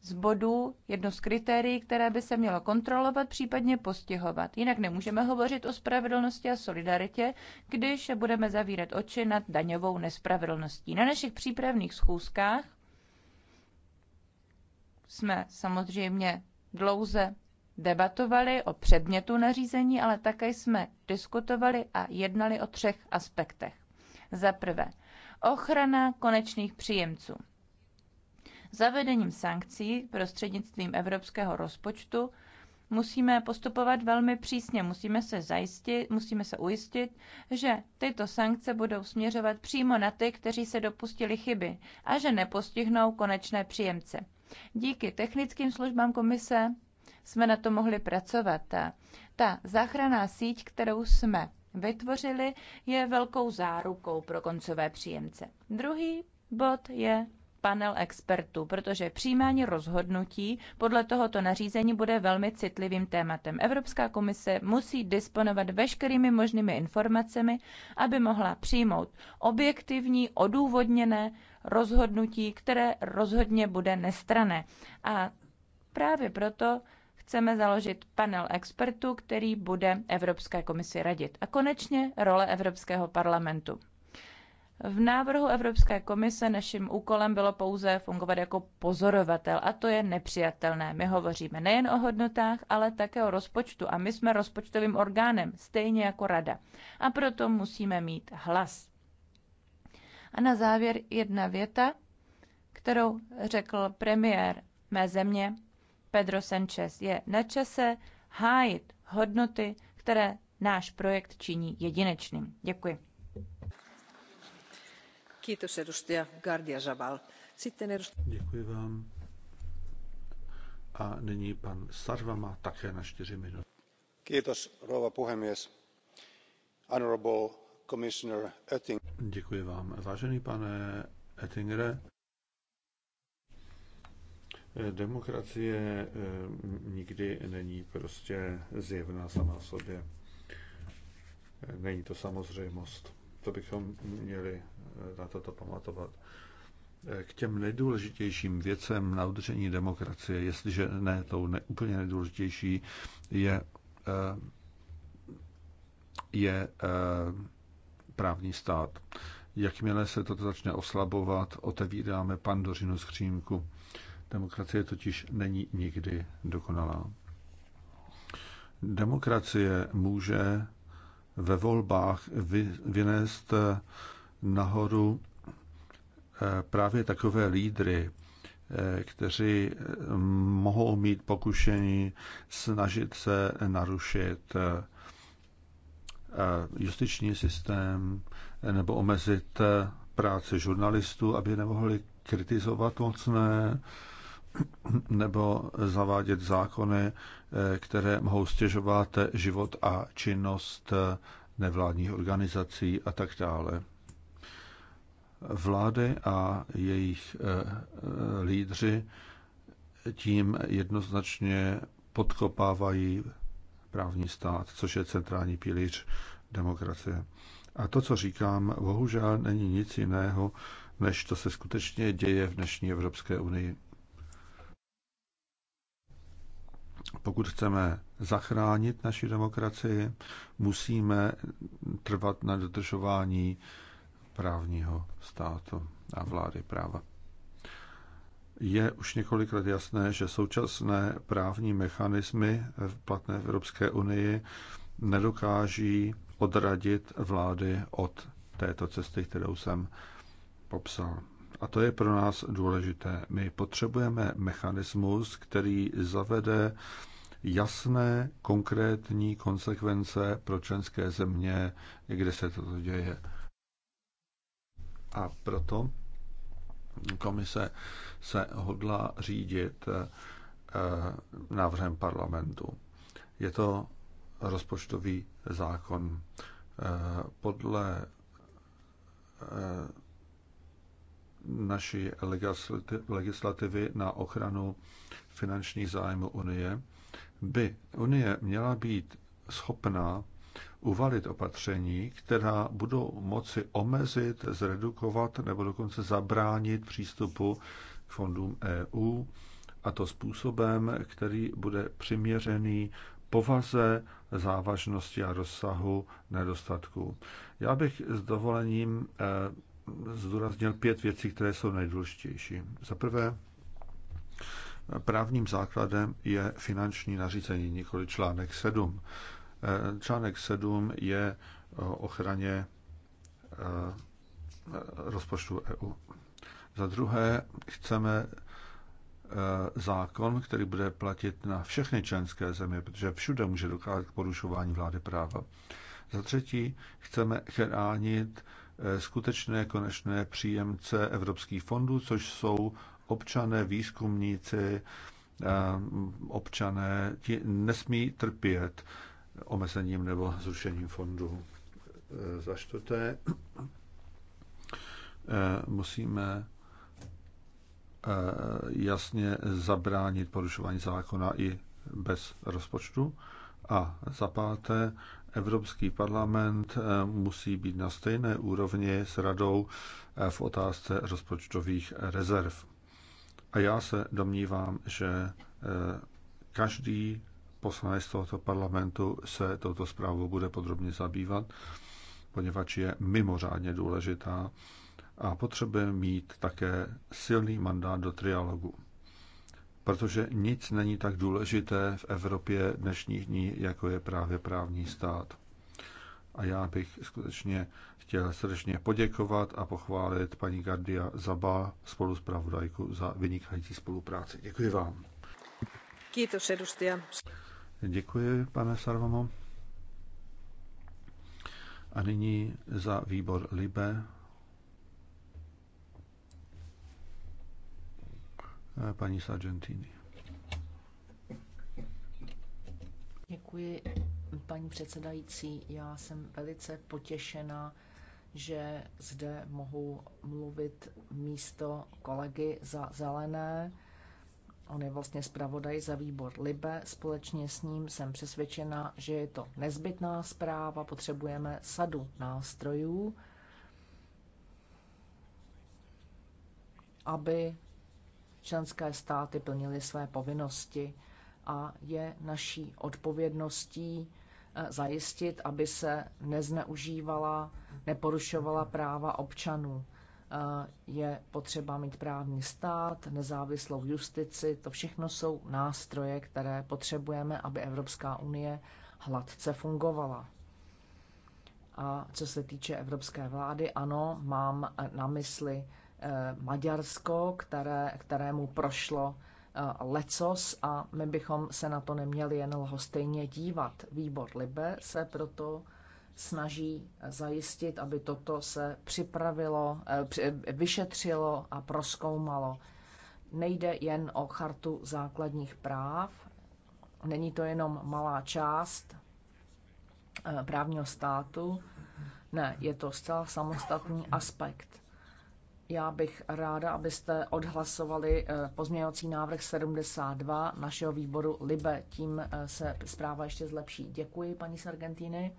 z bodů, jedno z kritérií, které by se mělo kontrolovat, případně postihovat. Jinak nemůžeme hovořit o spravedlnosti a solidaritě, když budeme zavírat oči nad daňovou nespravedlností. Na našich přípravných schůzkách jsme samozřejmě dlouze debatovali o předmětu nařízení, ale také jsme diskutovali a jednali o třech aspektech. Za prvé, ochrana konečných příjemců. Zavedením sankcí prostřednictvím evropského rozpočtu musíme postupovat velmi přísně, musíme se zajistit, musíme se ujistit, že tyto sankce budou směřovat přímo na ty, kteří se dopustili chyby a že nepostihnou konečné příjemce. Díky technickým službám komise jsme na to mohli pracovat. Ta záchranná síť, kterou jsme vytvořili, je velkou zárukou pro koncové příjemce. Druhý bod je panel expertů, protože přijímání rozhodnutí podle tohoto nařízení bude velmi citlivým tématem. Evropská komise musí disponovat veškerými možnými informacemi, aby mohla přijmout objektivní, odůvodněné rozhodnutí, které rozhodně bude nestrané. A právě proto chceme založit panel expertů, který bude Evropské komisi radit. A konečně role Evropského parlamentu. V návrhu Evropské komise naším úkolem bylo pouze fungovat jako pozorovatel a to je nepřijatelné. My hovoříme nejen o hodnotách, ale také o rozpočtu a my jsme rozpočtovým orgánem, stejně jako rada. A proto musíme mít hlas. A na závěr jedna věta, kterou řekl premiér mé země Pedro Sanchez. Je na čase hájit hodnoty, které náš projekt činí jedinečným. Děkuji. Děkuji vám. A nyní pan Sarva má také na čtyři minuty. Kiitos, rouva puhemies. Honorable Děkuji vám. Vážený pane Oettingere, demokracie eh, nikdy není prostě zjevná sama sobě. Není to samozřejmost. To bychom měli eh, na toto pamatovat. Eh, k těm nejdůležitějším věcem na udržení demokracie, jestliže ne tou ne, úplně nejdůležitější, je, je právní stát. Jakmile se toto začne oslabovat, otevíráme pandořinu skřínku. Demokracie totiž není nikdy dokonalá. Demokracie může ve volbách vynést eh, nahoru eh, právě takové lídry, eh, kteří mohou mít pokušení snažit se narušit justiční systém nebo omezit práci žurnalistů, aby nemohli kritizovat mocné nebo zavádět zákony, které mohou stěžovat život a činnost nevládních organizací a tak dále. Vlády a jejich eh, lídři tím jednoznačně podkopávají právní stát, což je centrální pilíř demokracie. A to, co říkám, bohužel není nic jiného, než co se skutečně děje v dnešní Evropské unii. Pokud chceme zachránit naši demokracii, musíme trvat na dodržování právního státu a vlády práva je už několikrát jasné, že současné právní mechanismy v platné Evropské unii nedokáží odradit vlády od této cesty, kterou jsem popsal. A to je pro nás důležité. My potřebujeme mechanismus, který zavede jasné, konkrétní konsekvence pro členské země, kde se toto děje. A proto komise se hodla řídit eh, návrhem parlamentu. Je to rozpočtový zákon. Eh, podle eh, naší legislativy na ochranu finančních zájmů Unie by Unie měla být schopná uvalit opatření, která budou moci omezit, zredukovat nebo dokonce zabránit přístupu k fondům EU a to způsobem, který bude přiměřený povaze, závažnosti a rozsahu nedostatků. Já bych s dovolením eh, zdůraznil pět věcí, které jsou nejdůležitější. Za prvé, právním základem je finanční nařízení, nikoli článek 7. Článek 7 je o ochraně eh, rozpočtu EU. Za druhé chceme eh, zákon, který bude platit na všechny členské země, protože všude může docházet k porušování vlády práva. Za třetí chceme chránit eh, skutečné konečné příjemce evropských fondů, což jsou občané, výzkumníci, občané, ti nesmí trpět omezením nebo zrušením fondu e, Za čtvrté, e, musíme e, jasně zabránit porušování zákona i bez rozpočtu. A za páté, Evropský parlament musí být na stejné úrovni s radou v otázce rozpočtových rezerv. A já se domnívám, že každý poslanec tohoto parlamentu se touto zprávou bude podrobně zabývat, poněvadž je mimořádně důležitá a potřebuje mít také silný mandát do trialogu. Protože nic není tak důležité v Evropě dnešních dní, jako je právě právní stát. A já bych skutečně chtěl srdečně poděkovat a pochválit paní Gardia Zaba spolu s pravodajku za vynikající spolupráci. Děkuji vám. Kiitos, edustaja. Děkuji, pane Sarvamo. A nyní za výbor Libe paní Sargentini. Děkuji, paní předsedající. Já jsem velice potěšena, že zde mohu mluvit místo kolegy za zelené On je vlastně zpravodaj za výbor Libe. Společně s ním jsem přesvědčena, že je to nezbytná zpráva. Potřebujeme sadu nástrojů, aby členské státy plnily své povinnosti a je naší odpovědností eh, zajistit, aby se nezneužívala, neporušovala práva občanů. Eh, je potřeba mít právní stát, nezávislou justici. To všechno jsou nástroje, které potřebujeme, aby Evropská unie hladce fungovala. A co se týče evropské vlády, ano, mám na mysli eh, Maďarsko, které, kterému prošlo eh, lecos a my bychom se na to neměli jen lhostejně dívat. Výbor Libe se proto snaží zajistit, aby toto se připravilo, eh, vyšetřilo a proskoumalo. Nejde jen o chartu základních práv, není to jenom malá část eh, právního státu, ne, je to zcela samostatný aspekt. Já bych ráda, abyste odhlasovali eh, pozměňovací návrh 72 našeho výboru LIBE. Tím se zpráva ještě zlepší. Děkuji, paní Sargentini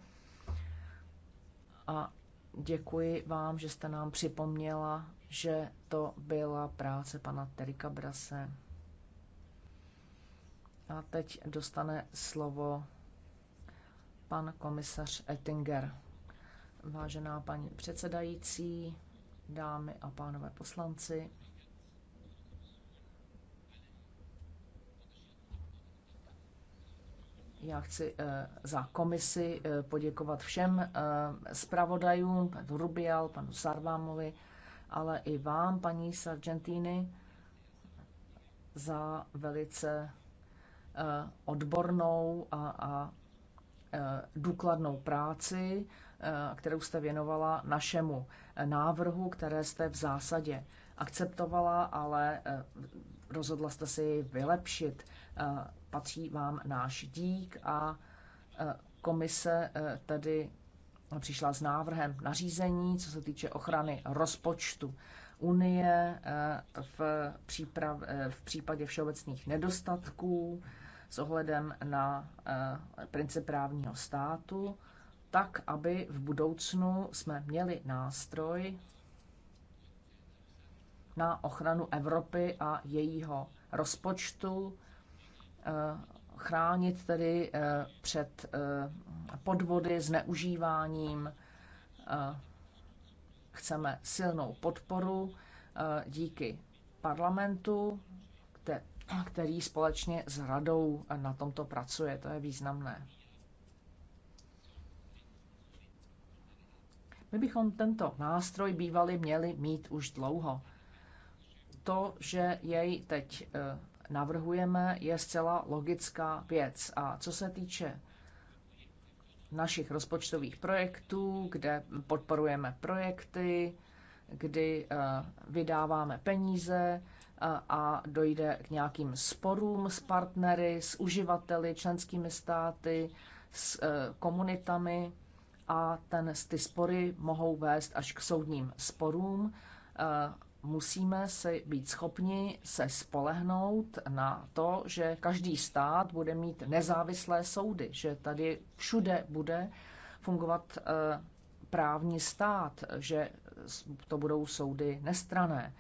a děkuji vám, že jste nám připomněla, že to byla práce pana Terika Brase. A teď dostane slovo pan komisař Ettinger. Vážená paní předsedající, dámy a pánové poslanci, Já chci eh, za komisi eh, poděkovat všem eh, zpravodajům, panu Rubial, panu Sarvámovi, ale i vám, paní Sargentini, za velice odbornou a, a důkladnou práci, kterou jste věnovala našemu návrhu, které jste v zásadě akceptovala, ale rozhodla jste si ji vylepšit patří vám náš dík a e, komise e, tedy přišla s návrhem nařízení, co se týče ochrany rozpočtu Unie e, v, příprav, v případě všeobecných nedostatků s ohledem na princip právního státu, tak, aby v budoucnu jsme měli nástroj na ochranu Evropy a jejího rozpočtu, Eh, chránit tedy eh, před eh, podvody, zneužíváním. Chceme silnou podporu díky parlamentu, který společně s radou na tomto pracuje. To je významné. My bychom tento nástroj bývali měli mít už dlouho. To, že jej teď navrhujeme, je zcela logická věc. A co se týče našich rozpočtových projektů, kde podporujeme projekty, kdy eh, vydáváme peníze eh, a dojde k nějakým sporům s partnery, s uživateli, členskými státy, s eh, komunitami a ten, ty spory mohou vést až k soudním sporům musíme se být schopni se spolehnout na to, že každý stát bude mít nezávislé soudy, že tady všude bude fungovat eh, právní stát, že to budou soudy nestrané.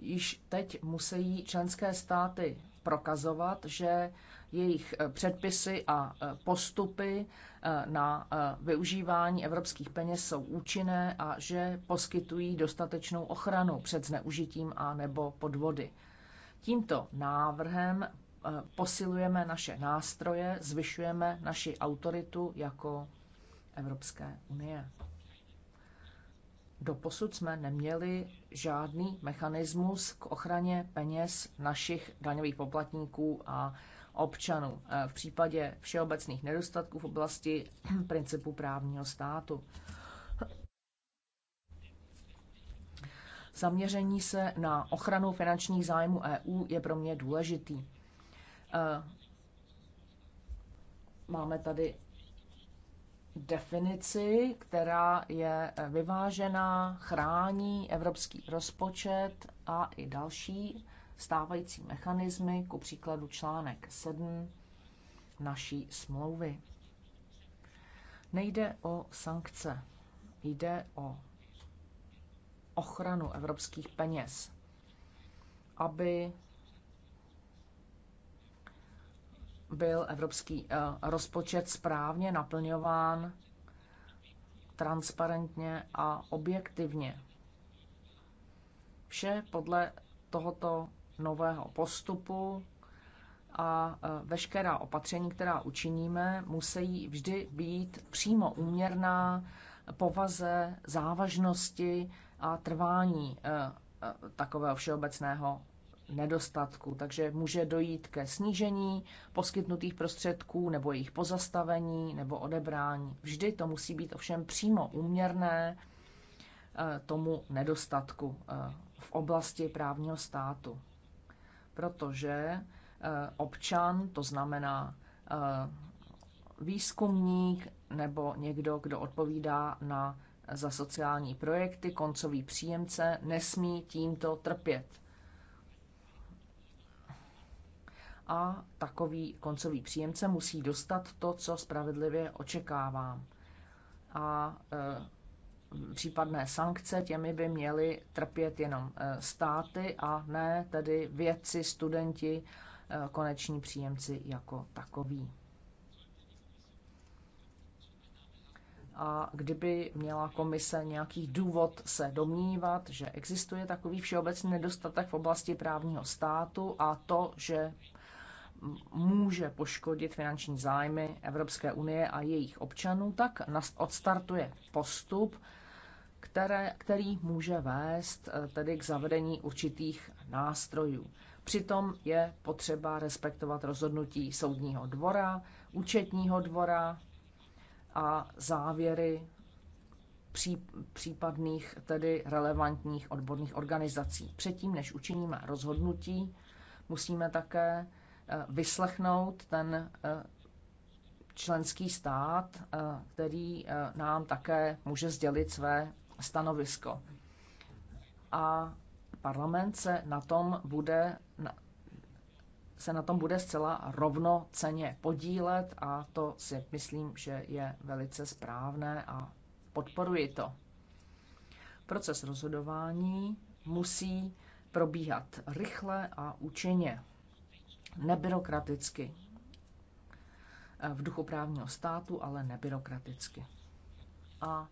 Již teď musí členské státy prokazovat, že jejich eh, předpisy a eh, postupy eh, na využívání evropských peněz jsou účinné a že poskytují dostatečnou ochranu před zneužitím a nebo podvody. Tímto návrhem posilujeme naše nástroje, zvyšujeme naši autoritu jako Evropské unie. Doposud jsme neměli žádný mechanismus k ochraně peněz našich daňových poplatníků a občanů eh, v případě všeobecných nedostatků v oblasti principu právního státu. Zaměření se na ochranu finančních zájmů EU je pro mě důležitý. Eh, máme tady definici, která je eh, vyvážená, chrání evropský rozpočet a i další stávající mechanismy, ku příkladu článek 7 naší smlouvy. Nejde o sankce, jde o ochranu evropských peněz, aby byl evropský eh, rozpočet správně naplňován transparentně a objektivně. Vše podle tohoto nového postupu a e, veškerá opatření, která učiníme, musí vždy být přímo úměrná povaze, závažnosti a trvání e, e, takového všeobecného nedostatku. Takže může dojít ke snížení poskytnutých prostředků nebo jejich pozastavení nebo odebrání. Vždy to musí být ovšem přímo úměrné tomu nedostatku v oblasti právního státu protože eh, občan, to znamená eh, výzkumník nebo někdo, kdo odpovídá na, eh, za sociální projekty, koncový příjemce, nesmí tímto trpět. A takový koncový příjemce musí dostat to, co spravedlivě očekává. A případné sankce, těmi by měly trpět jenom eh, státy a ne tedy vědci, studenti, eh, koneční příjemci jako takový. A kdyby měla komise nějaký důvod se domnívat, že existuje takový všeobecný nedostatek v oblasti právního státu a to, že může poškodit finanční zájmy Evropské unie a jejich občanů, tak odstartuje postup, které, který může vést eh, tedy k zavedení určitých nástrojů. Přitom je potřeba respektovat rozhodnutí soudního dvora, účetního dvora a závěry případných tedy relevantních odborných organizací. Předtím, než učiníme rozhodnutí, musíme také eh, vyslechnout ten eh, členský stát, který nám také může sdělit své stanovisko. A parlament se na tom bude se na tom bude zcela rovnoceně podílet a to si myslím, že je velice správné a podporuji to. Proces rozhodování musí probíhat rychle a účinně, nebyrokraticky. V duchu právního státu, ale nebyrokraticky. A